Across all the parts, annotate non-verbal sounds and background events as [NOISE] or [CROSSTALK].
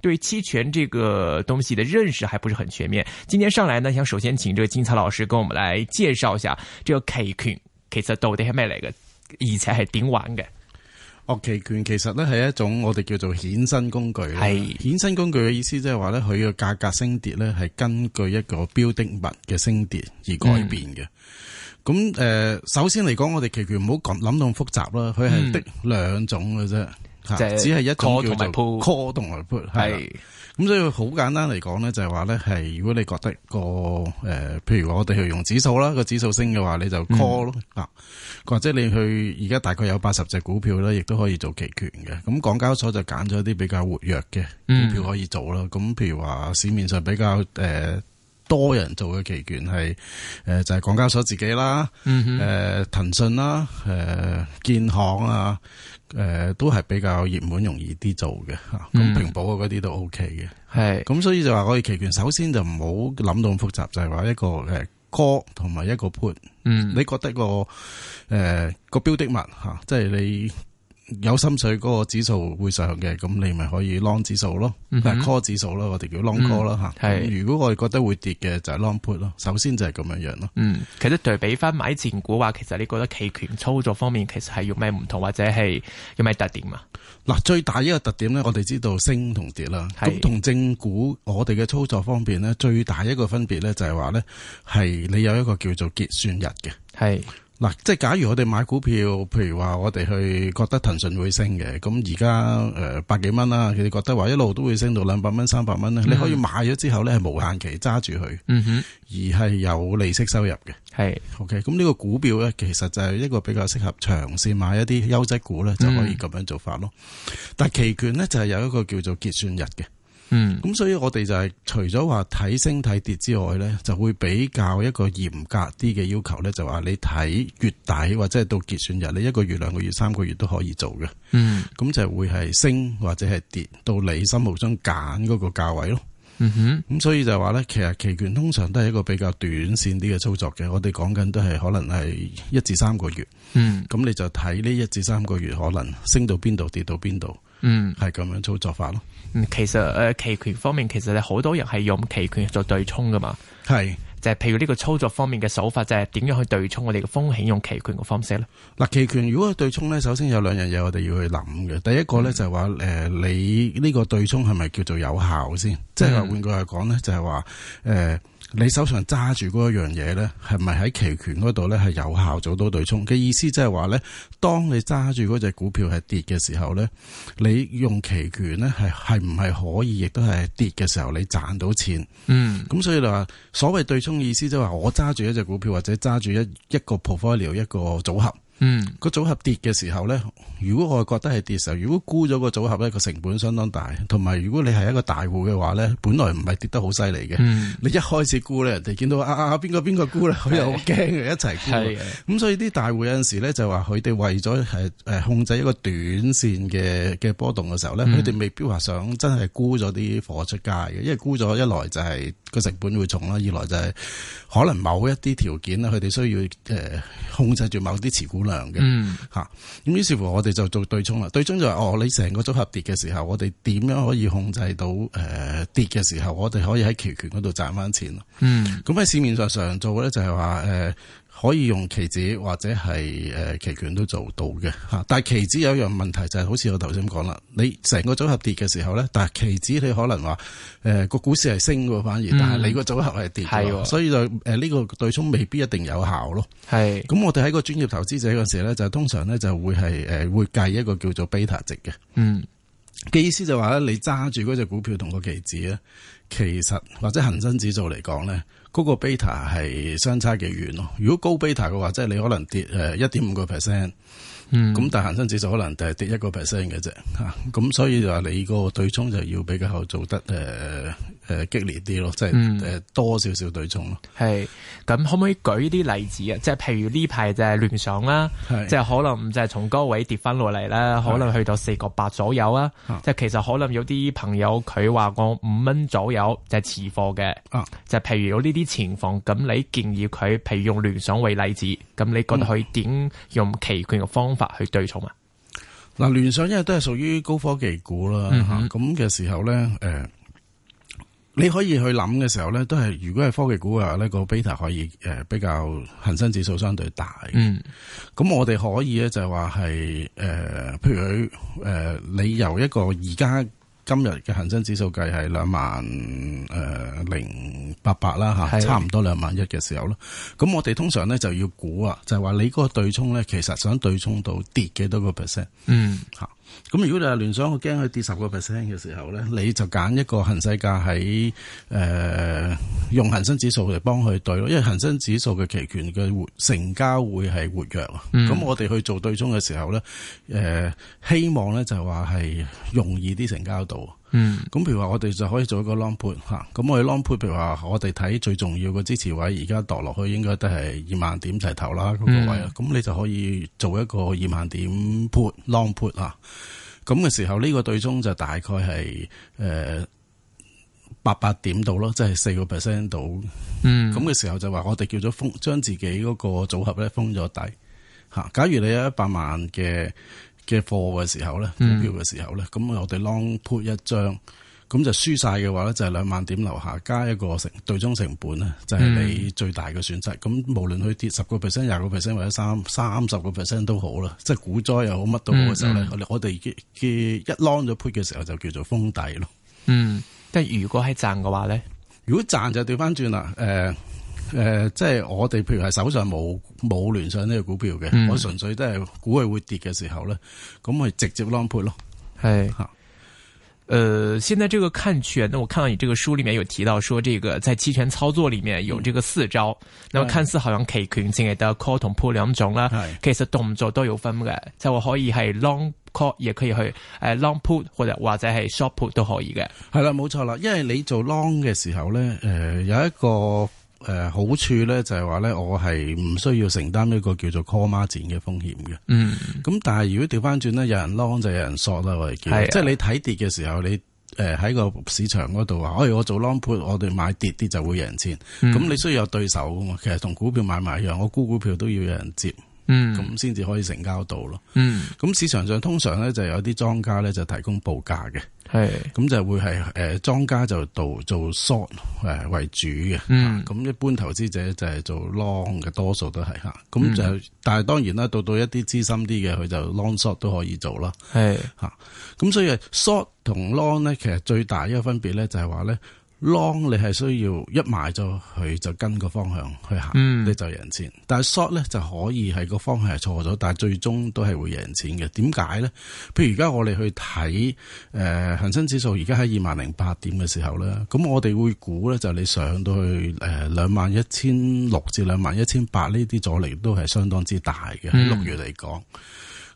對期權這個東西的認識還不是很全面。今天上來呢，想首先請這個金曹老師跟我們來介紹一下這個期權，其實到底係咩嚟嘅，而且係點玩嘅？哦，期權其實呢係一種我哋叫做衍生工具啦。係、哎、衍生工具嘅意思即係話呢，佢嘅價格升跌呢係根據一個標的物嘅升跌而改變嘅。咁誒、嗯，首先嚟講，我哋期權唔好講諗到咁複雜啦，佢係的兩種嘅啫。即係只係一種叫 call 同埋 put，係咁，所以好簡單嚟講咧，就係話咧係如果你覺得個誒、呃，譬如我哋去用指數啦，個指數升嘅話，你就 call 咯，嗱、嗯啊，或者你去而家大概有八十隻股票咧，亦都可以做期權嘅。咁港交所就揀咗一啲比較活躍嘅股票可以做啦。咁、嗯、譬如話市面上比較誒、呃、多人做嘅期權係誒、呃、就係、是、港交所自己啦，誒騰訊啦，誒、呃、建行啊。誒、呃，都係比較熱門，容易啲做嘅吓。咁、啊嗯、平保嗰啲都 OK 嘅。係是，咁所以就話我哋期權，首先就唔好諗到咁複雜，就係、是、話一個誒 call 同埋一個 put。嗯，你覺得、那個誒個標的物吓，即係你。有心水嗰個指數會上嘅，咁你咪可以 long 指數咯，但係、嗯、哼 call 指數咯，我哋叫 long call 啦吓。係、嗯、如果我哋覺得會跌嘅，就係 long put 咯。首先就係咁樣樣咯。嗯，其實對比翻買前股話，其實你覺得期權操作方面其實係有咩唔同，或者係有咩特點啊？嗱、嗯，最大一個特點咧，我哋知道升同跌啦。咁同是正股我哋嘅操作方面咧，最大一個分別咧就係話咧，係你有一個叫做結算日嘅。係。嗱，即係假如我哋買股票，譬如話我哋去覺得騰訊會升嘅，咁而家誒百幾蚊啦，佢哋覺得話一路都會升到兩百蚊、三百蚊啦，嗯、你可以買咗之後咧係無限期揸住佢，而係有利息收入嘅。係是，OK，咁呢個股票咧，其實就係一個比較適合長線買一啲優質股咧，就可以咁樣做法咯。嗯、但期權咧就係有一個叫做結算日嘅。嗯，咁所以我哋就係除咗話睇升睇跌之外咧，就會比較一個嚴格啲嘅要求咧，就話你睇月底或者係到結算日，你一個月、兩個月、三個月都可以做嘅。嗯，咁就會係升或者係跌，到你心目中揀嗰個價位咯。嗯哼，咁所以就話咧，其實期權通常都係一個比較短線啲嘅操作嘅，我哋講緊都係可能係一至三個月。嗯，咁你就睇呢一至三個月可能升到邊度，跌到邊度，嗯，係咁樣操作法咯。嗯，其實誒、呃，期權方面其實咧，好多人係用期權做對沖㗎嘛，係是，就係譬如呢個操作方面嘅手法，就係、是、點樣去對沖我哋嘅風險用期權嘅方式咧。嗱、呃，期權如果對沖咧，首先有兩樣嘢我哋要去諗嘅，第一個咧、嗯、就係話誒，你呢個對沖係咪叫做有效先？即係、嗯、換句話講咧，就係話誒。呃你手上揸住嗰一樣嘢咧，係咪喺期權嗰度咧係有效做到對沖嘅意思，即係話咧，當你揸住嗰隻股票係跌嘅時候咧，你用期權咧係係唔係可以，亦都係跌嘅時候你賺到錢。嗯，咁所以話所謂對沖意思即係話，我揸住一隻股票或者揸住一一個 portfolio 一個組合。嗯，個組合跌嘅時候咧，如果我覺得係跌時候，如果沽咗個組合咧，個成本相當大，同埋如果你係一個大戶嘅話咧，本來唔係跌得好犀利嘅，嗯、你一開始沽咧，人哋見到啊啊邊個邊個沽咧，佢是又好驚嘅，一齊沽，咁的、嗯、所以啲大戶有陣時咧就話佢哋為咗係誒控制一個短線嘅嘅波動嘅時候咧，佢哋、嗯、未必話想真係沽咗啲貨出街嘅，因為沽咗一來就係個成本會重啦，二來就係可能某一啲條件咧，佢哋需要誒控制住某啲持股量。嗯，吓咁於是乎我哋就做對沖啦。對沖就係、是、哦，你成個組合跌嘅時候，我哋點樣可以控制到誒、呃、跌嘅時候，我哋可以喺期權嗰度賺翻錢。嗯，咁喺市面上常做咧就係話誒。呃可以用期指或者係誒、呃、期權都做到嘅吓，但係期指有一樣問題就係、是、好似我頭先講啦，你成個組合跌嘅時候咧，但係期指你可能話誒個股市係升嘅反而，嗯、但係你個組合係跌嘅，的所以就誒呢、呃這個對沖未必一定有效咯。係是，咁我哋喺個專業投資者嗰時咧，就通常咧就會係誒、呃、會計一個叫做 beta 值嘅。嗯。嘅意思就係話咧，你揸住嗰隻股票同個期指咧，其實或者恒生指數嚟講咧，嗰個 beta 係相差幾遠咯。如果高 beta 嘅話，即係你可能跌誒一點五個 percent。嗯，咁但係恒生指數可能就係跌一個 percent 嘅啫，嚇，咁所以就話你個對沖就要比較做得誒誒、呃呃、激烈啲咯，嗯、即係誒、呃、多少少對沖咯。係，咁可唔可以舉啲例子啊？即係譬如呢排就係聯想啦，即係可能就係從嗰個位跌翻落嚟啦，是可能去到四個八左右啦、啊。即係是其實可能有啲朋友佢話我五蚊左右就係持貨嘅，啊、就係譬如有呢啲情況，咁你建議佢譬如用聯想為例子，咁你覺得佢可以點用期權嘅方法？去對沖啊，嗱，聯想因為都係屬於高科技股啦，咁嘅、嗯、哼時候咧，誒、呃，你可以去諗嘅時候咧，都係如果係科技股嘅話咧，個 beta 可以誒比較恒生指數相對大。嗯，咁我哋可以咧就話係誒，譬如誒，你由一個而家。今日嘅恒生指數計係兩萬誒零八百啦嚇，差唔多兩萬一嘅時候咯。咁我哋通常咧就要估啊，就係話你嗰個對沖咧，其實想對沖到跌幾多個 percent？嗯嚇。咁如果你話聯想，我驚佢跌十個 percent 嘅時候咧，你就揀一個行使價喺誒用恒生指數嚟幫佢對咯，因為恒生指數嘅期權嘅成交會係活躍啊。咁、嗯、我哋去做對沖嘅時候咧，誒、呃、希望咧就話係容易啲成交到。嗯，咁譬如話我哋就可以做一個 long put 吓、啊，咁我哋 long put，譬如話我哋睇最重要嘅支持位，而家墮落去應該都係二萬點齊頭啦、嗰個位啦，咁、嗯、你就可以做一個二萬點 put long put 啊，咁、那、嘅、個、時候呢個對沖就大概係誒八百點到咯，即係四個 percent 到，嗯，咁嘅時候就話我哋叫咗封，將自己嗰個組合咧封咗底吓、啊。假如你有一百萬嘅。嘅貨嘅時候咧，股票嘅時候咧，咁、嗯、我哋 long put 一張，咁就輸晒嘅話咧，就係、是、兩萬點樓下加一個成對沖成本啊，就係、是、你最大嘅損失。咁、嗯、無論佢跌十個 percent、廿個 percent 或者三三十個 percent 都好啦，即係股災又好乜都好嘅時候咧、嗯，我哋我哋嘅一 long 咗 put 嘅時候就叫做封底咯。嗯，但係如果係賺嘅話咧，如果賺就掉返轉啦，誒、呃。誒、呃，即係我哋譬如係手上冇冇聯想呢個股票嘅，嗯、我純粹都係估佢會跌嘅時候咧，咁去直接 long put 咯。係好，誒、呃，現在這個看權，那我看到你這個書裏面有提到說，這個在期權操作裏面有這個四招，嗯、那看似好像期權淨係得 call 同 put 兩種啦，是其實動作都有分嘅，就話可以係 long call，亦可以去誒 long put，或者或者係 short put 都可以嘅。係啦，冇錯啦，因為你做 long 嘅時候咧，誒、呃、有一個。誒、呃，好處咧就係話咧，我係唔需要承擔一個叫做 call 孖展嘅風險嘅。嗯。咁但係如果調翻轉咧，有人 long 就有人 short 啦，我哋叫。係、啊。即係你睇跌嘅時候，你誒喺、呃、個市場嗰度啊，哎我做 long put，我哋買跌啲就會贏錢。咁、嗯、你需要有對手噶嘛？其實同股票買賣一樣，我沽股，股票都要有人接。嗯。咁先至可以成交到咯。嗯。咁、嗯、市場上通常咧就有啲莊家咧就提供報價嘅。係，咁是就會係誒，莊、呃、家就做做 short 誒、呃、為主嘅。嗯，咁、啊、一般投資者就係做 long 嘅，多數都係吓。咁、啊、就，嗯、但係當然啦，到到一啲資深啲嘅，佢就 long short 都可以做啦。係吓是，咁、啊、所以 short 同 long 咧，其實最大一個分別咧就係話咧。long 你係需要一買咗佢就跟個方向去行，嗯、你就贏錢。但係 short 咧就可以係個方向係錯咗，但係最終都係會贏錢嘅。點解咧？譬如而家我哋去睇誒、呃、恒生指數，而家喺二萬零八點嘅時候咧，咁我哋會估咧就你上到去誒兩萬一千六至兩萬一千八呢啲阻力都係相當之大嘅。六、嗯、月嚟講，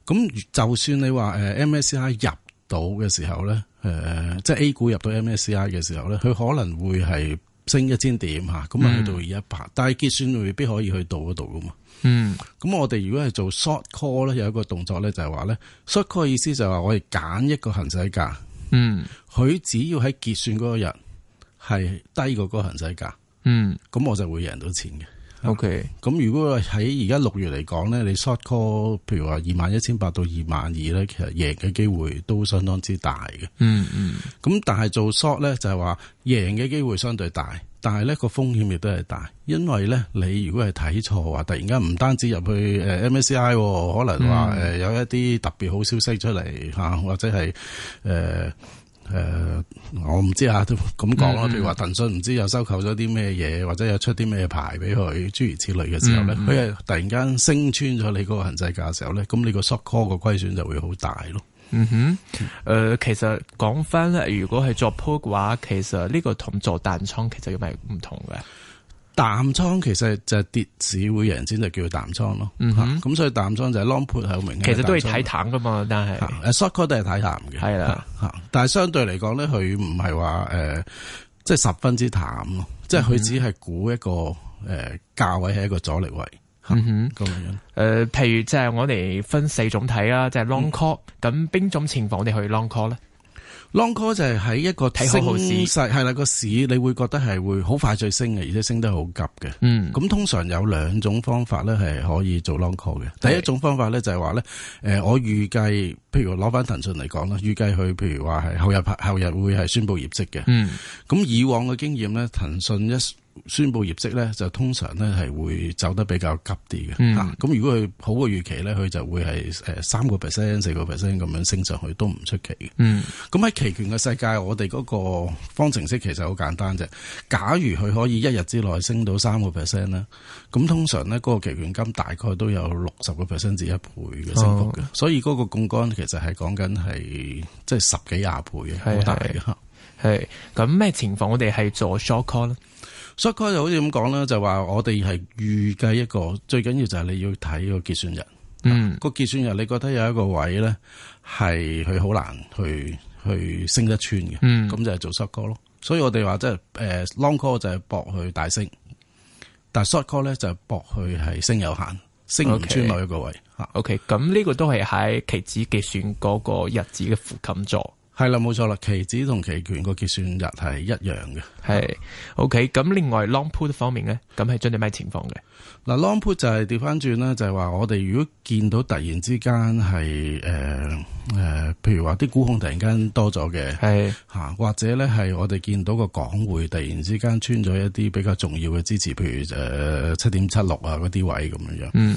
咁就算你話誒、呃、MSCI 入。到嘅時候咧，誒、呃，即係 A 股入到 MSCI 嘅時候咧，佢可能會係升一千點嚇，咁啊去到二一八，但係結算未必可以去到嗰度噶嘛。嗯，咁我哋如果係做 short call 咧，有一個動作咧就係話咧，short call 嘅意思就係話我哋揀一個行使價。嗯，佢只要喺結算嗰日係低過嗰個行使價。嗯，咁我就會贏到錢嘅。O K，咁如果喺而家六月嚟講咧，你 short call，譬如話二萬一千八到二萬二咧，其實贏嘅機會都相當之大嘅、嗯。嗯嗯。咁但係做 short 咧就係話贏嘅機會相對大，但係咧個風險亦都係大，因為咧你如果係睇錯話突然間唔單止入去誒 M S C I，可能話誒有一啲特別好消息出嚟吓，嗯、或者係誒。呃誒、呃，我唔知啊，都咁講啦，譬、嗯、如話騰訊唔知又收購咗啲咩嘢，或者又出啲咩牌俾佢，諸如此類嘅時候咧，佢係、嗯、突然間升穿咗你嗰個行使價嘅時候咧，咁你個 short call 個虧損就會好大咯。嗯哼，誒、呃，其實講翻咧，如果係做 put 嘅話，其實呢個同做淡倉其實係咪唔同嘅？淡倉其實就係跌市會贏先就叫淡倉咯，咁、嗯哼啊、所以淡倉就係 long put 係好明顯。其實都係睇淡噶嘛，但係 short call 都係睇淡嘅。係啦，嚇！但係相對嚟講咧，佢唔係話誒，即、呃、係、就是、十分之淡咯，即係佢只係估一個誒、呃、價位係一個阻力位。啊、嗯哼，咁樣。譬、呃、如即係我哋分四種睇啊，即、就、係、是、long call，咁邊、嗯、種情況我哋去 long call 咧？long call 就係喺一個睇好市勢，係啦個市，升市你會覺得係會好快就升嘅，而且升得好急嘅。嗯，咁通常有兩種方法咧，係可以做 long call 嘅。是第一種方法咧就係話咧，誒、呃，我預計譬如攞翻騰訊嚟講啦，預計佢譬如話係後日後日會係宣布業績嘅。嗯，咁以往嘅經驗咧，騰訊一.宣布業績咧，就通常咧係會走得比較急啲嘅。咁、嗯嗯啊、如果佢好過預期咧，佢就會係誒三個 percent、四個 percent 咁樣升上去都唔出奇嘅。咁喺期權嘅世界，我哋嗰個方程式其實好簡單啫。假如佢可以一日之內升到三個 percent 咧，咁通常咧嗰個期權金大概都有六十個 percent 至一倍嘅升幅嘅。哦、所以嗰個槓桿其實係講緊係即係十幾廿倍嘅，好大嘅吓。係咁咩情況？我哋係做 short call 咧。short call 就好似咁講啦，就話、係、我哋係預計一個最緊要就係你要睇個結算日，嗯啊個結算日你覺得有一個位咧係佢好難去去升得穿嘅，咁、嗯、就係做 short call 咯。所以我哋話即係誒 long Call 就係搏佢大升，但 short call 咧就係搏佢係升有限，升唔穿落一個位。O K，咁呢個都係喺期指結算嗰個日子嘅附近做。係啦，冇錯啦，期指同期權個結算日係一樣嘅。係的的，OK。咁另外 long put 方面咧，咁係針對咩情況嘅？嗱，long put 就係調翻轉啦，就係、是、話我哋如果見到突然之間係誒誒，譬如話啲沽空突然間多咗嘅，係吓的、啊，或者咧係我哋見到個港匯突然之間穿咗一啲比較重要嘅支持，譬如誒七點七六啊嗰啲位咁樣樣。嗯。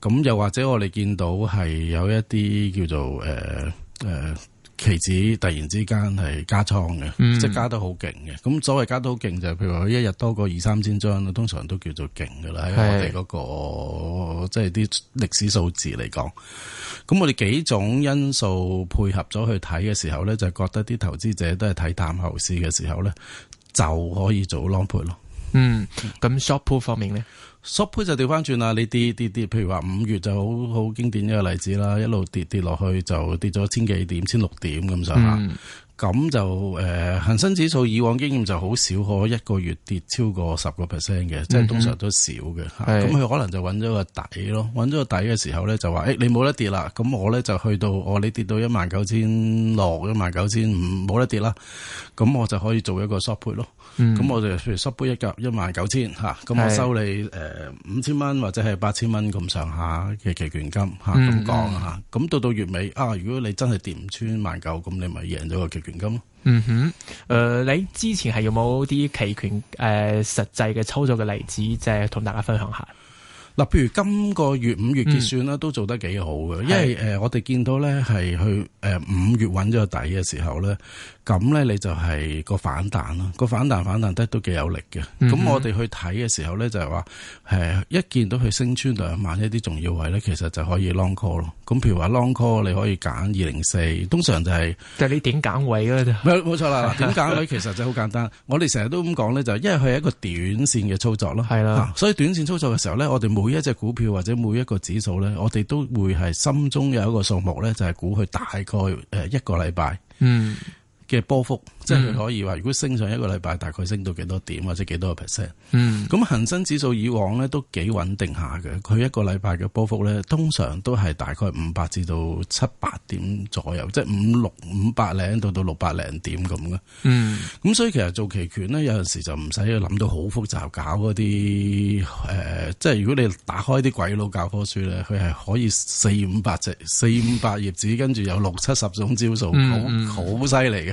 咁又或者我哋見到係有一啲叫做誒誒。呃呃期指突然之間係加倉嘅，嗯、即係加得好勁嘅。咁所謂加得好勁就係譬如話佢一日多過二三千張啦，通常都叫做勁嘅啦。喺是我哋嗰、那個即係啲歷史數字嚟講，咁我哋幾種因素配合咗去睇嘅時候咧，就是、覺得啲投資者都係睇淡後市嘅時候咧，就可以做 long 盤咯。嗯，咁 short put 方面咧 short put 就調翻轉啦，你跌跌跌，譬如話五月就好好經典一個例子啦，一路跌跌落去就跌咗千幾點，千六點咁上下，咁、嗯、就誒、呃、恒生指數以往經驗就好少可一個月跌超過十個 percent 嘅，嗯、即係通常都少嘅，咁佢、嗯、是可能就揾咗個底咯，揾咗個底嘅時候咧就話誒、哎、你冇得跌啦，咁我咧就去到我、哦、你跌到一萬九千六、一萬九千五，冇得跌啦，咁我就可以做一個 short put 咯。咁、嗯、我哋譬如十杯一嚿一萬九千吓，咁、啊、我收你誒是、呃、五千蚊或者係八千蚊咁上下嘅期權金吓，咁講吓。咁到到月尾啊，如果你真係跌唔穿萬九，咁你咪贏咗個期權金咯、嗯。嗯哼，誒、嗯，你之前係有冇啲期權誒實際嘅操作嘅例子，即係同大家分享下？嗱，譬如今個月五月結算咧，都做得幾好嘅，因為誒我哋見到咧係去誒五月揾咗個底嘅時候咧。咁咧你就係個反彈咯，個反彈反彈得都幾有力嘅。咁、嗯嗯、我哋去睇嘅時候咧，就係話誒一見到佢升穿兩萬一啲重要位咧，其實就可以 long call 咯。咁譬如話 long call 你可以揀二零四，通常就係、係、就係你點揀位咧、就係？就冇冇錯啦。點揀位 [LAUGHS] 其實就好簡單。我哋成日都咁講咧，就係、因為佢係一個短線嘅操作咯。係啦的，嗯、所以短線操作嘅時候咧，我哋每一隻股票或者每一個指數咧，我哋都會係心中有一個數目咧，就係、係、估佢大概誒一個禮拜。嗯。嘅波幅，即係佢可以話，如果升上一個禮拜，大概升到幾多點或者幾多個 percent。嗯，咁恒生指數以往咧都幾穩定下嘅，佢一個禮拜嘅波幅咧通常都係大概五百至到七百點左右，即係五六五百零到到六百零點咁嘅。嗯，咁所以其實做期權咧，有陣時就唔使諗到好複雜，搞嗰啲誒，即係如果你打開啲鬼佬教科書咧，佢係可以四五百隻四五百頁紙，跟住有六七十種招數，好好犀利嘅。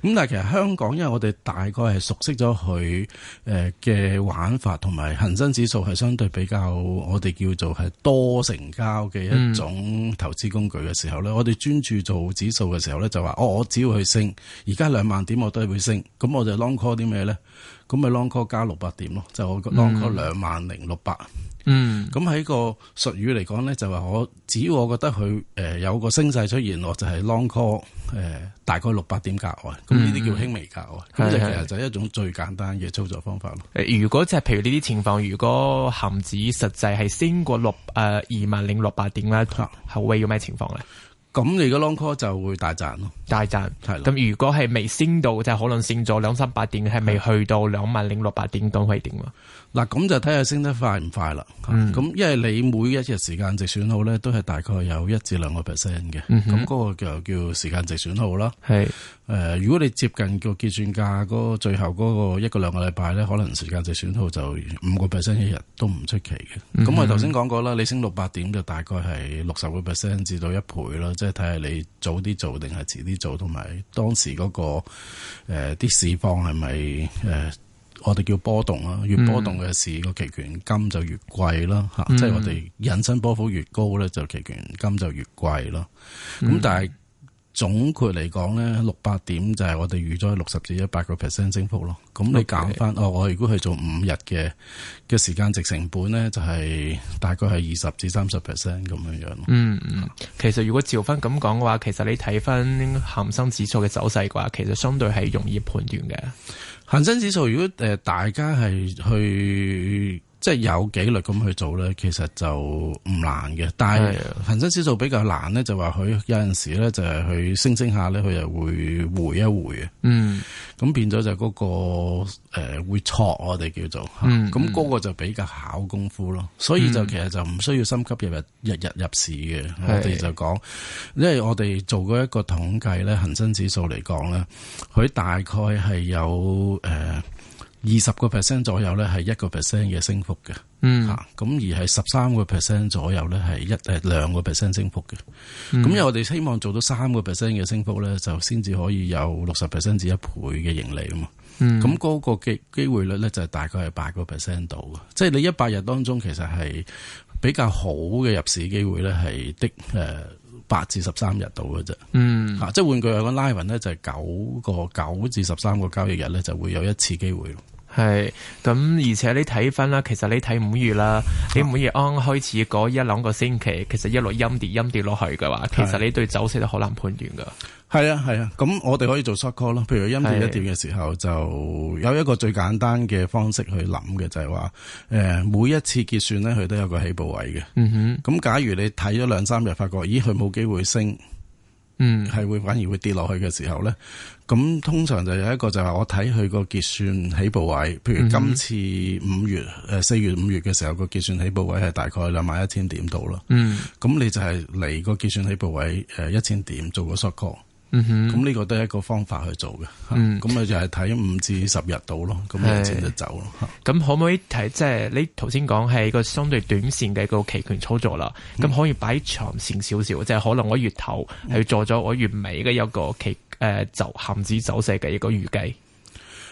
咁但係其實香港因為我哋大概係熟悉咗佢誒嘅玩法同埋恒生指數係相對比較我哋叫做係多成交嘅一種投資工具嘅時候咧，嗯、我哋專注做指數嘅時候咧就話，哦，我只要去升，而家兩萬點我都係會升，咁我就 long call 啲咩咧？咁咪 long call 加六百點咯，就我 long call 兩萬零六百。嗯，咁喺個術語嚟講咧就話，我只要我覺得佢誒、呃、有個升勢出現，我就係、是、long call 誒、呃、大概六百點價外。咁呢啲叫輕微價啊，咁就其實就係一種最簡單嘅操作方法咯。誒，如果即係譬如呢啲情況，如果恆指實際係升過六誒二萬零六百點咧，後尾要咩情況咧？咁如果 long call 就會大賺咯，大賺係咁如果係未升到，即係可能升咗兩三百點，係未去到兩萬零六百點咁，可以點啊？嗯嗱，咁就睇下升得快唔快啦。咁、嗯，因為你每一日時間值損耗咧，都係大概有一至兩個 percent 嘅。咁嗰、嗯、哼個就叫時間值損耗啦。係是，誒、呃，如果你接近個結算價嗰最後嗰個一個兩個禮拜咧，可能時間值損耗就五個 percent 一日都唔出奇嘅。咁、嗯、哼我頭先講過啦，你升六百點就大概係六十個 percent 至到一倍啦。即係睇下你早啲做定係遲啲做，同埋當時嗰、那個啲、呃、市況係咪誒？呃我哋叫波動啦，越波動嘅時個期權金就越貴啦，吓、嗯，即係我哋引伸波幅越高咧，就期權金就越貴啦。咁、嗯、但係總括嚟講咧，六百點就係我哋預咗六十至一百個 percent 升幅咯。咁你減翻哦，我如果去做五日嘅嘅時間值成本咧，就係、是、大概係二十至三十 percent 咁樣樣咯。嗯嗯，其實如果照翻咁講嘅話，其實你睇翻恒生指數嘅走勢嘅話，其實相對係容易判斷嘅。恒生指數，如果誒大家係去。即係有紀律咁去做咧，其實就唔難嘅。但係恒生指數比較難咧，就話佢有陣時咧就係佢升升下咧，佢又會回一回嘅。嗯，咁變咗就嗰、那個誒、呃、會挫我哋叫做嚇。咁嗰、嗯、個就比較考功夫咯。所以就其實就唔需要心急日日日日入市嘅。嗯、我哋就講，是因為我哋做過一個統計咧，恒生指數嚟講咧，佢大概係有誒。呃二十個 percent 左右咧，係一個 percent 嘅升幅嘅，嚇咁、嗯、而係十三個 percent 左右咧，係一誒兩個 percent 升幅嘅。咁、嗯、因為我哋希望做到三個 percent 嘅升幅咧，就先至可以有六十 percent 至一倍嘅盈利啊嘛。咁嗰、嗯、個機機會率咧，就係大概係八個 percent 度嘅。即係你一百日當中，其實係比較好嘅入市機會咧，係的誒，八至十三日度嘅啫，嚇、嗯，即係換句話講，拉云咧就係九個九至十三個交易日咧，就會有一次機會咯。係，咁而且你睇翻啦，其實你睇五月啦，啊、你五月啱開始嗰一兩個星期，其實一路陰跌陰跌落去嘅話，其實你對走勢都好難判斷噶。係啊係啊，咁、啊、我哋可以做 short call 咯。譬如陰跌一點嘅時候，是就有一個最簡單嘅方式去諗嘅，就係、是、話，誒、呃、每一次結算咧，佢都有個起步位嘅。咁、嗯、哼假如你睇咗兩三日，發覺咦佢冇機會升，嗯，係會反而會跌落去嘅時候咧，咁通常就有一個就係我睇佢個結算起步位。譬如今次五月誒四、呃、月五月嘅時候，結21，嗯、個結算起步位係大概兩萬一千點到啦。咁你就係離個結算起步位誒一千點做個 short call。嗯哼，咁呢個都一個方法去做嘅，咁啊就係睇五至十日度咯，咁有就走咯。咁可唔可以睇？即、就、係、是、你頭先講係個相對短線嘅個期權操作啦。咁、嗯、可以擺長線少少，即、就、係、是、可能我月頭係做咗我月尾嘅一個期誒，就陷指走勢嘅一個預計。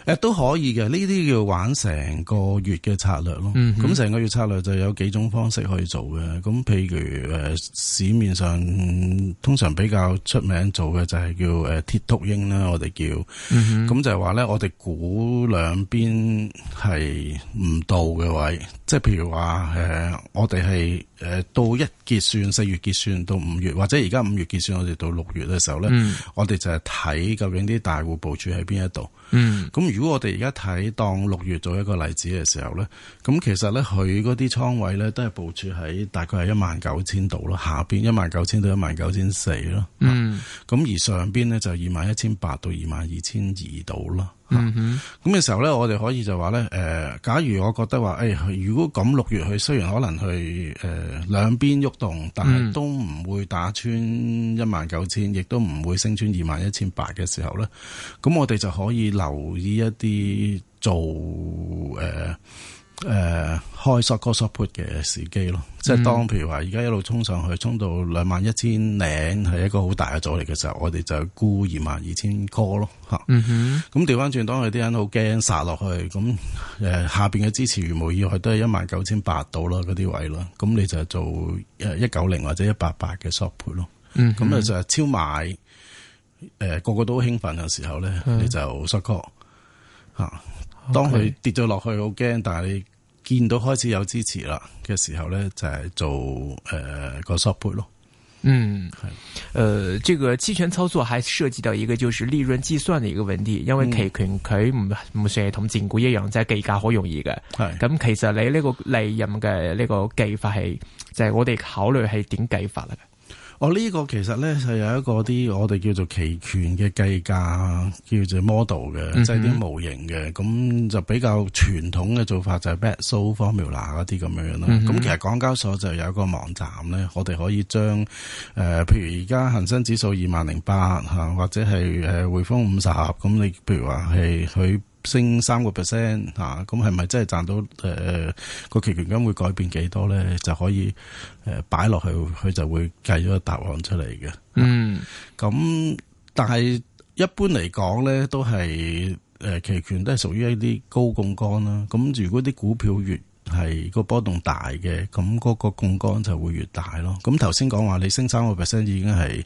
誒、啊、都可以嘅，呢啲叫玩成個月嘅策略咯。咁成、嗯、哼個月策略就有幾種方式可以做嘅。咁譬如誒、呃、市面上、嗯、通常比較出名做嘅就係叫誒鐵禿鷹啦，我哋叫。咁、嗯、哼就係話咧，我哋估兩邊係唔到嘅位，即係譬如話誒、呃、我哋係誒到一。結算四月結算到五月，或者而家五月結算，我哋到六月嘅時候咧，嗯、我哋就係睇究竟啲大戶部署喺邊一度。咁、嗯、如果我哋而家睇當六月做一個例子嘅時候咧，咁其實咧佢嗰啲倉位咧都係部署喺大概係一萬九千度咯，下邊一萬九千到一萬九千四咯。咁、嗯、而上邊咧就二萬一千八到二萬二千二度啦。嗯哼，咁嘅時候咧，我哋可以就話咧，誒、呃，假如我覺得話，誒、哎，如果咁六月去，雖然可能去誒兩邊喐動，但係都唔會打穿一萬九千，亦都唔會升穿二萬一千八嘅時候咧，咁我哋就可以留意一啲做誒。呃誒、呃，開縮嗰縮 put 嘅時機咯，即係當譬如話而家一路衝上去，衝到兩萬一千零係一個好大嘅阻力嘅時候，我哋就沽二萬二千 call 咯，吓、嗯哼。咁調翻轉，當有啲人好驚殺落去，咁、嗯、誒、呃、下邊嘅支持如無意外都係一萬九千八到咯，嗰啲位咯，咁你就做誒一九零或者一八八嘅 s o 縮 put 咯。咁啊就係超買，誒、呃、個個都興奮嘅時候咧，你就縮 call 吓。嗯當佢跌咗落去好驚，但係你見到開始有支持啦嘅時候咧，就係做誒個 support 咯。嗯，係是。誒、呃，呢、這個期權操作係涉及到一個就是利潤計算的一個問題，因為期權佢唔唔算係同正股一樣，即係計價好容易嘅。係、嗯。咁其實你呢、這個利潤嘅呢個計法係，就係、是、我哋考慮係點計法嚟嘅。我呢、哦呢個其實咧係有一個啲我哋叫做期權嘅計價，叫做 model 嘅，即係啲模型嘅。咁、mm hmm. 就比較傳統嘅做法就係 Black-Scholes formula 嗰啲咁樣樣咯。咁、mm hmm. 其實港交所就有一個網站咧，我哋可以將誒、呃，譬如而家恒生指數二萬零八吓，或者係誒匯豐五十咁，呃、50, 你譬如話係佢。升三個 percent 吓，咁係咪真係賺到？誒、呃、個期權金會改變幾多咧？就可以誒擺落去，佢就會計咗個答案出嚟嘅。啊、嗯，咁、啊、但係一般嚟講咧，都係誒、呃、期權都係屬於一啲高槓桿啦。咁、啊啊、如果啲股票越。係、那個波動大嘅，咁嗰個槓杆就會越大咯。咁頭先講話你升三個 percent 已經係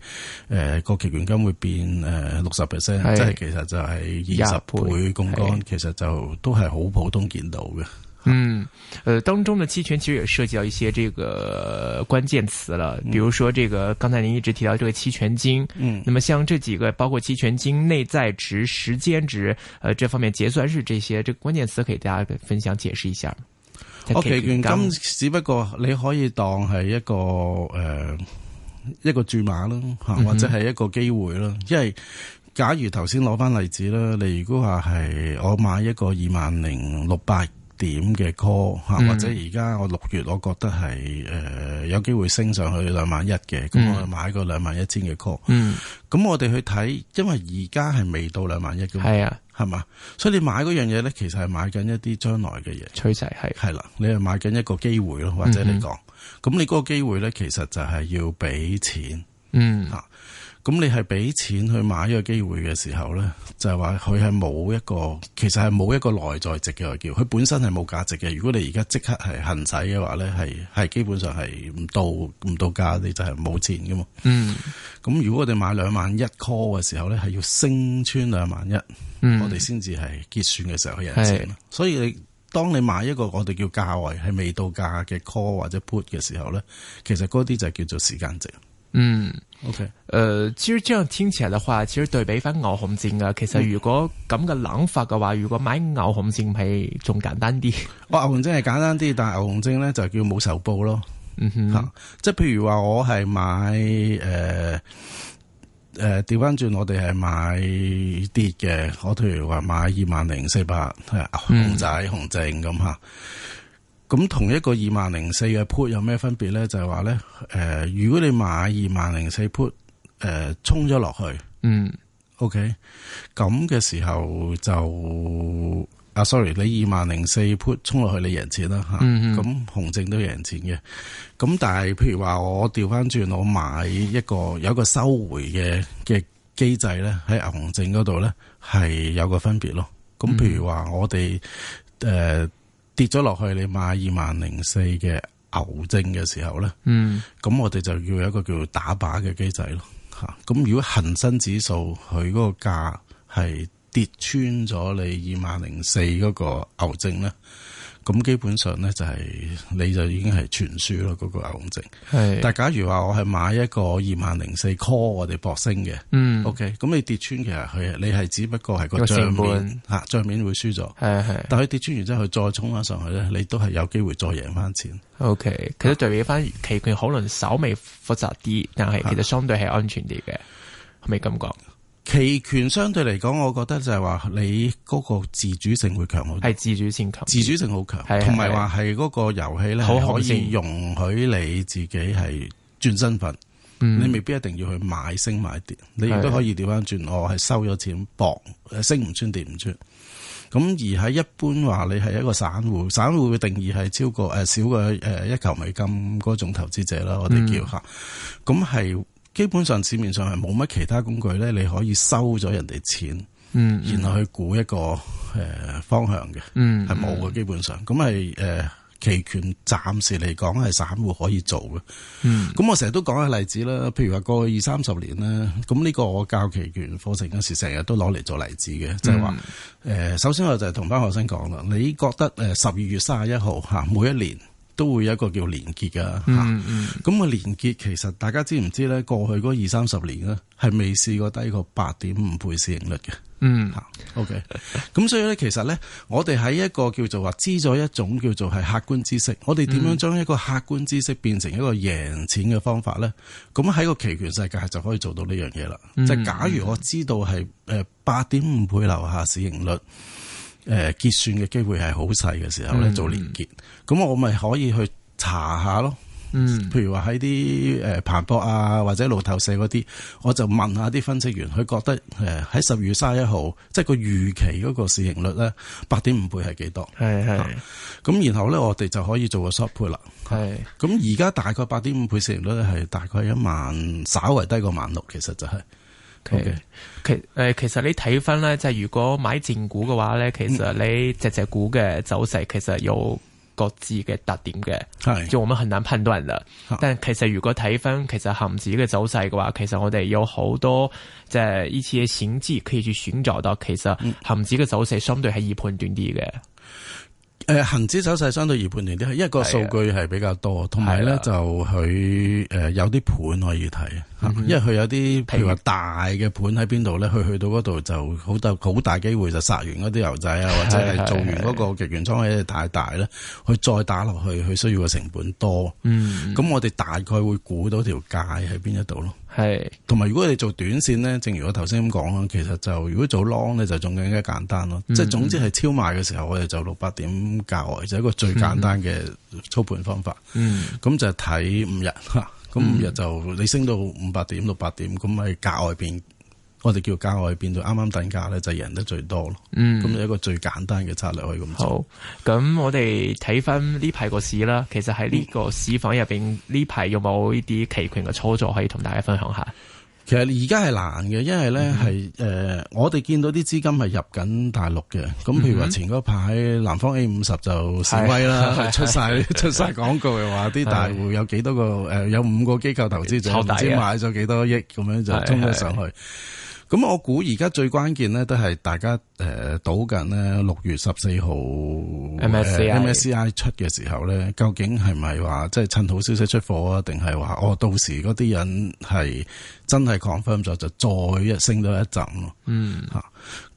誒，個、呃、期權金會變誒六十 percent，即係其實就係二十倍槓杆，其實就,是其實就都係好普通見到嘅。嗯，誒、呃，當中嘅期權其實也涉及到一些這個關鍵詞啦，嗯、比如說這個剛才您一直提到這個期權金，嗯，那麼像這幾個包括期權金內在值、時間值，誒、呃，這方面結算日，這些，這個、關鍵詞可以大家分享解釋一下。我期權金 [NOISE] 只不過你可以當係一個誒、呃、一個注碼啦，吓或者係一個機會啦。嗯、哼因為假如頭先攞翻例子啦，你如果話係我買一個二萬零六百點嘅 call 吓、嗯，或者而家我六月我覺得係誒、呃、有機會升上去兩萬一嘅，咁、嗯、我買個兩萬一千嘅 call。嗯，咁我哋去睇，因為而家係未到兩萬一嘅，係啊。.係嘛？所以你買嗰樣嘢咧，其實係買緊一啲將來嘅嘢趨勢，係係啦，你係買緊一個機會咯，或者你講咁、嗯、哼你嗰個機會咧，其實就係要俾錢嗯啊。咁你係俾錢去買依個機會嘅時候咧，就係話佢係冇一個，其實係冇一個內在值嘅叫，佢本身係冇價值嘅。如果你而家即刻係行使嘅話咧，係係基本上係唔到唔到價，你就係冇錢噶嘛。嗯。咁如果我哋買兩萬一 call 嘅時候咧，係要升穿兩萬一，我哋先至係結算嘅時候有錢賺。是所以你當你買一個我哋叫價位，係未到價嘅 call 或者 put 嘅時候咧，其實嗰啲就係叫做時間值。嗯，OK，誒、呃，其實這樣聽起來的話，其實對比翻牛熊證嘅，其實如果咁嘅諗法嘅話，如果買牛熊證係仲簡單啲，哇、哦，牛熊證係簡單啲，但係牛熊證咧就叫冇仇報咯，吓、嗯哼啊，即係譬如話我係買誒誒調翻轉，我哋係買跌嘅，我譬如話買二萬零四百，係牛熊仔熊證咁吓。咁同一個二萬零四嘅 put 有咩分別咧？就係話咧，誒、呃，如果你買二萬零四 put，誒、呃，沖咗落去，嗯，OK，咁嘅時候就，啊，sorry，你二萬零四 put 沖落去，你贏錢啦吓，咁、啊嗯嗯、紅證都贏錢嘅。咁但係譬如話我調翻轉，我買一個有一個收回嘅嘅機制咧，喺紅證嗰度咧係有個分別咯。咁、嗯嗯、譬如話我哋，誒、呃。跌咗落去，你買二萬零四嘅牛證嘅時候咧，咁、嗯、我哋就要有一個叫做打靶嘅機制咯。嚇、啊，咁如果恒生指數佢嗰個價係跌穿咗你二萬零四嗰個牛證咧？咁基本上咧就係、是、你就已經係全輸咯。嗰、那個牛熊證係，是但係假如話我係買一個二萬零四 call，我哋博升嘅，嗯，O K。咁、okay, 你跌穿其實佢，你係只不過係個賬面吓賬、啊、面會輸咗係係。是是但係佢跌穿完之後佢再衝翻上去咧，你都係有機會再贏翻錢。O K。其實對比翻期、啊、權，可能稍微複雜啲，但係其實相對係安全啲嘅，係咪咁講？是期權相對嚟講，我覺得就係話你嗰個自主性會強好多，係自、自主性強，自主性好強，同埋話係嗰個遊戲咧，是是是可以容許你自己係轉身份，你未必一定要去買升買跌，嗯、你亦都可以調翻轉，是是我係收咗錢搏，誒升唔穿、穿，跌唔穿。咁而喺一般話你係一個散戶，散戶嘅定義係超過誒、呃、少過誒一球美金嗰種投資者啦，我哋叫吓，咁係、嗯。嗯基本上市面上係冇乜其他工具咧，你可以收咗人哋錢，嗯，嗯，然後去估一個誒、呃、方向嘅、嗯，嗯，係冇嘅。基本上，咁係誒期權暫時嚟講係散戶可以做嘅，嗯。咁我成日都講嘅例子啦，譬如話過去二三十年啦，咁呢個我教期權課程嗰時成日都攞嚟做例子嘅，即係話誒，首先我就係同班學生講啦，你覺得誒十二月三十一號嚇每一年。都會有一個叫連結噶，咁、嗯啊嗰個連結其實大家知唔知咧？過去嗰二三十年咧，係未試過低過八點五倍市盈率嘅。嗯，吓、啊、，OK。咁所以咧，其實咧，我哋喺一個叫做話，知咗一種叫做係客觀知識。我哋點樣將一個客觀知識變成一個贏錢嘅方法咧？咁喺個期權世界就可以做到呢樣嘢啦。即係、嗯、假如我知道係誒八點五倍樓下市盈率。誒結算嘅機會係好細嘅時候咧，做連結，咁、嗯、我咪可以去查下咯。嗯，譬如話喺啲誒彭博啊、或者路透社嗰啲，我就問下啲分析員，佢覺得誒喺十月三十一號，即、就、係、是、個預期嗰個市盈率咧，八點五倍係幾多？係係。咁是然後咧，我哋就可以做個 short put 啦。係是。咁而家大概八點五倍市盈率咧，係大概一萬，稍為低過萬六，其實就係、是。OK，其誒、呃，其實你睇翻咧，就如果買正股嘅話咧，其實你只只股嘅走勢其實有各自嘅特點嘅，嗯、就我們很難判斷嘅。嗯、但其實如果睇翻其實恒指嘅走勢嘅話，其實我哋有好多即係依次嘅險迹可以去尋找到，其實恒指嘅走勢相對係易判斷啲嘅。嗯誒，恒指走勢相對易判斷啲，因為個數據係比較多，同埋咧就佢誒有啲盤可以睇，因為佢有啲譬如話大嘅盤喺邊度咧，佢去到嗰度就好大好大機會就殺完嗰啲牛仔啊，或者係做完嗰個極權倉喺度太大咧，佢再打落去，佢需要嘅成本多。嗯，咁我哋大概會估到條界喺邊一度咯。係，同埋是如果你做短綫咧，正如我頭先咁講啦，其實就如果做 long 咧，就仲更加簡單咯。即係、嗯、總之係超賣嘅時候，我哋就六百點價外，就是、一個最簡單嘅操盤方法。咁、嗯、就睇五日吓，咁五日就你升到五百點六百點，咁喺價外邊。我哋叫價外變咗，啱啱等價咧，就贏得最多咯、嗯嗯。嗯，咁有一個最簡單嘅策略可以咁做。咁、嗯、我哋睇翻呢排個市啦。其實喺呢個市房入邊，呢排有冇呢啲期權嘅操作可以同大家分享下？其實而家係難嘅，因為咧係誒，我哋見到啲資金係入緊大陸嘅。咁譬如話前嗰排南方 A 五十就示威啦，出晒出晒廣告又話啲大戶有幾多個誒的、呃，有五個機構投資者唔知買咗幾多億，咁樣就衝咗上去。的咁我估而家最關鍵咧，都係大家。誒，賭緊咧六月十四號 MSCI、呃、出嘅時候咧，究竟係咪話即係趁好消息出貨啊？定係話哦？到時嗰啲人係真係 confirm 咗，就再升多一浸咯、啊。嗯、啊，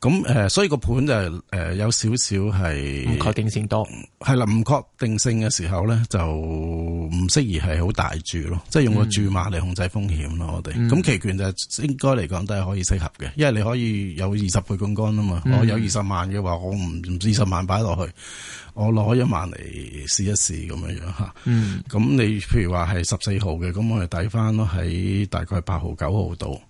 吓咁誒、所以個盤就誒、呃、有少少係唔確定性多，係啦，唔確定性嘅時候咧，就唔適宜係好大注咯，即係用個注碼嚟控制風險咯、啊。我哋咁期權就應該嚟講都係可以適合嘅，因為你可以有二十倍槓桿啊嘛。嘛 Mm hmm. 我有二十萬嘅話，我唔唔知二十萬擺落去，我攞一萬嚟試一試咁樣樣吓。咁、mm hmm. 你譬如話係十四號嘅，咁我哋抵翻咯喺大概八號九號度，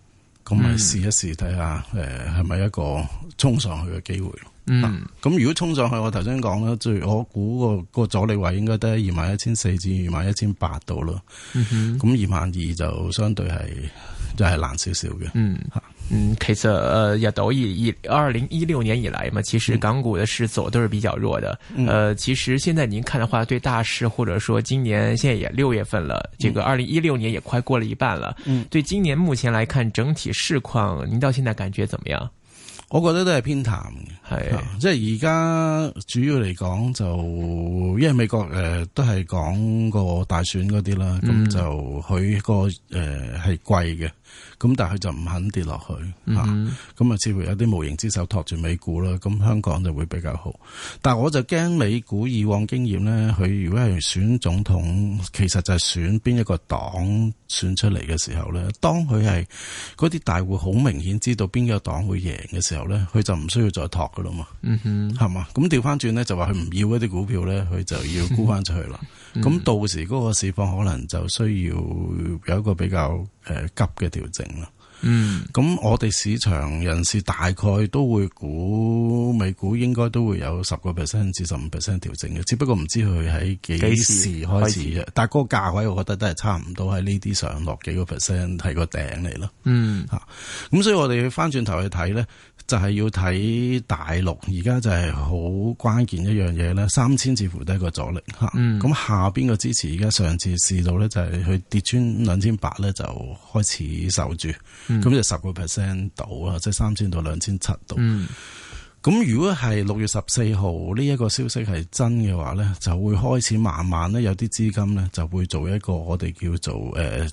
咁咪試一試睇下，誒係咪一個衝上去嘅機會。嗱、mm，咁、hmm. 如果衝上去，我頭先講咧，最我估個個阻力位應該得二萬一千四至二萬一千八度咯。咁二萬二就相對係就係、是、難少少嘅。Mm hmm. 嗯，其實，誒，也都以以二零一六年以來嘛，其實港股的市走都是比較弱的。誒、嗯呃，其實現在您看的話，對大市或者說今年，現在也六月份了，這個二零一六年也快過了一半了。嗯，對今年目前來看整體市況，您到現在感覺怎麼樣？我覺得都係偏淡係是啊，即係而家主要嚟講就，因為美國誒、呃、都係講個大選嗰啲啦，咁就佢個誒係貴嘅。咁但係佢就唔肯跌落去，咁、嗯、哼啊，就似乎有啲無形之手托住美股啦。咁香港就會比較好，但係我就驚美股以往經驗咧，佢如果係選總統，其實就係選邊一個黨選出嚟嘅時候咧，當佢係嗰啲大戶好明顯知道邊個黨會贏嘅時候咧，佢就唔需要再托噶啦嘛，係嘛、嗯哼？咁調翻轉咧，就話佢唔要嗰啲股票咧，佢就要沽翻出去啦。嗯咁到時嗰個市況可能就需要有一個比較誒、呃、急嘅調整啦。嗯，咁我哋市場人士大概都會估美股應該都會有十個 percent 至十五 percent 調整嘅，只不過唔知佢喺幾時開始嘅。始但係嗰個價位，我覺得都係差唔多喺呢啲上落幾個 percent 係個頂嚟咯。嗯，吓、啊，咁所以我哋翻轉頭去睇咧。就係要睇大陸，而家就係好關鍵一樣嘢咧，三千似乎都係個阻力吓。咁、嗯、下邊個支持，而家上次試到咧，就係佢跌穿兩千八咧，就開始守住。咁、嗯、就十個 percent 到啊，即係三千到兩千七度。咁、嗯、如果係六月十四號呢一個消息係真嘅話咧，就會開始慢慢咧有啲資金咧就會做一個我哋叫做誒、uh,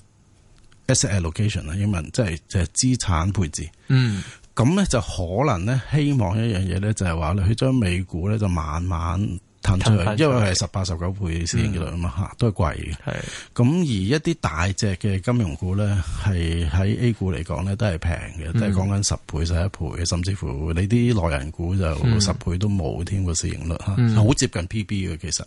asset allocation 啊，英文即係誒資產配置。嗯。咁咧就可能咧希望一樣嘢咧就係話你去將美股咧就慢慢。彈出嚟，因為係十八、十九倍市盈率啊嘛，吓、嗯、都係貴嘅。係咁的而一啲大隻嘅金融股咧，係喺 A 股嚟講咧都係平嘅，都係講緊十倍、十一倍嘅，甚至乎你啲內人股就十倍都冇添，個市盈率好、嗯嗯、接近 P B 嘅其實。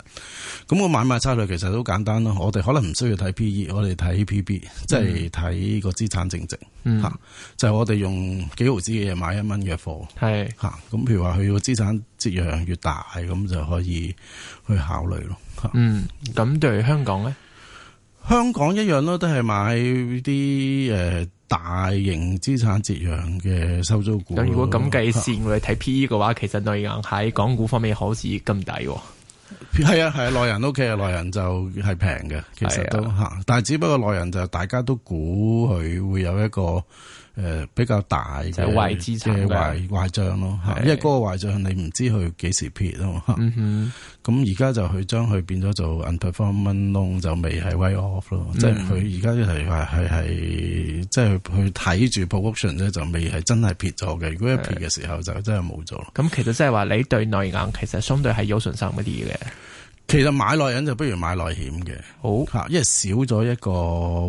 咁個買賣策略其實都簡單咯，我哋可能唔需要睇 P E，我哋睇 P B，即係睇個資產淨值吓、嗯嗯啊，就係、我哋用幾毫子嘅嘢買一蚊嘅貨係吓，咁譬如話佢個資產。折讓越大，咁就可以去考慮咯。嗯，咁對香港咧，香港一樣咯，都係買啲誒、呃、大型資產折讓嘅收租股。但如果咁計線嚟睇 P E 嘅話，啊、其實內銀喺港股方面好似咁抵。係啊係啊，內銀 O K 啊，內、啊、銀，銀就係平嘅，其實都吓。啊、但係只不過內銀就大家都估佢會有一個。誒、呃、比較大嘅壞資產嘅壞壞帳咯，是因為嗰個壞帳你唔知佢幾時撇啊嘛。咁而家就佢將佢變咗做 unperformance loan 就未係 way off 咯，嗯、即係佢而家一係話係即係去睇住 production 咧就未係真係撇咗嘅。如果一撇嘅時候就真係冇咗。咁其實即係話你對內銀其實相對係有信心啲嘅。其實買內銀就不如買內險嘅，好吓，因為少咗一個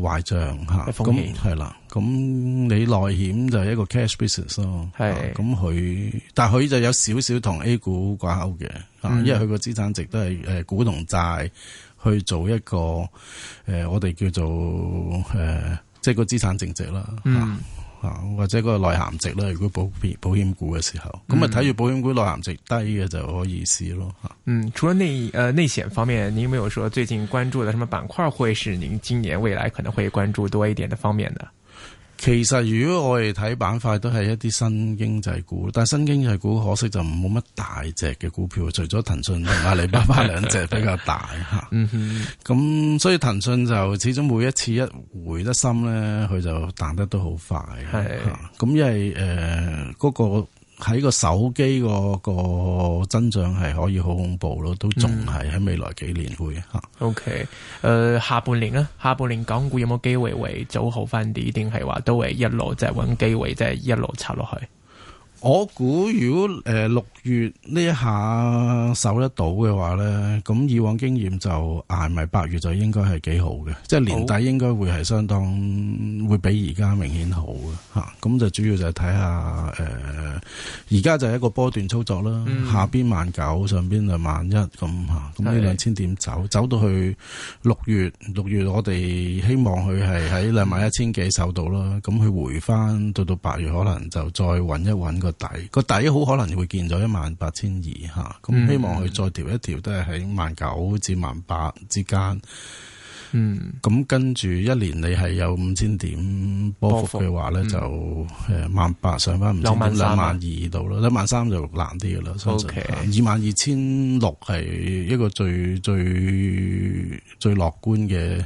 壞賬吓。風險係啦，咁、嗯、你內險就係一個 cash business 咯，係是，咁佢、啊、但係佢就有少少同 A 股掛鈎嘅，吓、嗯，因為佢個資產值都係誒、呃、股同債去做一個誒、呃、我哋叫做誒、呃、即係個資產淨值啦。嗯。啊或者嗰個內涵值啦，如果保保險股嘅時候，咁啊睇住保險股內涵值低嘅就可以試咯吓。嗯，除了內呃內險方面，您有冇有說最近關注嘅什麼板塊會是您今年未來可能會關注多一點的方面呢？其實如果我哋睇板塊都係一啲新經濟股，但係新經濟股可惜就冇乜大隻嘅股票，除咗騰訊同阿里巴巴兩隻 [LAUGHS] 比較大吓。 [LAUGHS] 嗯哼，咁所以騰訊就始終每一次一回得深咧，佢就彈得都好快。係是，咁、啊、因為誒嗰、呃那個。喺個手機個增長係可以好恐怖咯，都仲係喺未來幾年會吓。OK，誒，下半年咧，下半年港股有冇機會會走好翻啲，定係話都會一路即係揾機會，即係、嗯、一路插落去。我估如果誒六、呃、月呢一下守得到嘅話咧，咁以往經驗就捱埋八月就應該係幾好嘅，好即係年底應該會係相當會比而家明顯好嘅嚇。咁、啊、就主要就係睇下誒。呃而家就係一個波段操作啦，嗯、下邊萬九，上邊兩萬一咁嚇，咁呢兩千點走，是走到去六月六月，月我哋希望佢係喺兩萬一千幾守到啦，咁佢回翻到到八月，可能就再揾一揾個底，個底好可能會見咗一萬八千二嚇，咁希望佢再調一調都係喺萬九至萬八之間。嗯，咁跟住一年你係有五千點波幅嘅話咧，嗯、就誒萬八上翻五千兩萬二度咯，兩萬三、啊、22, 就難啲噶啦。所以 O K，二萬二千六係一個最最最,最樂觀嘅。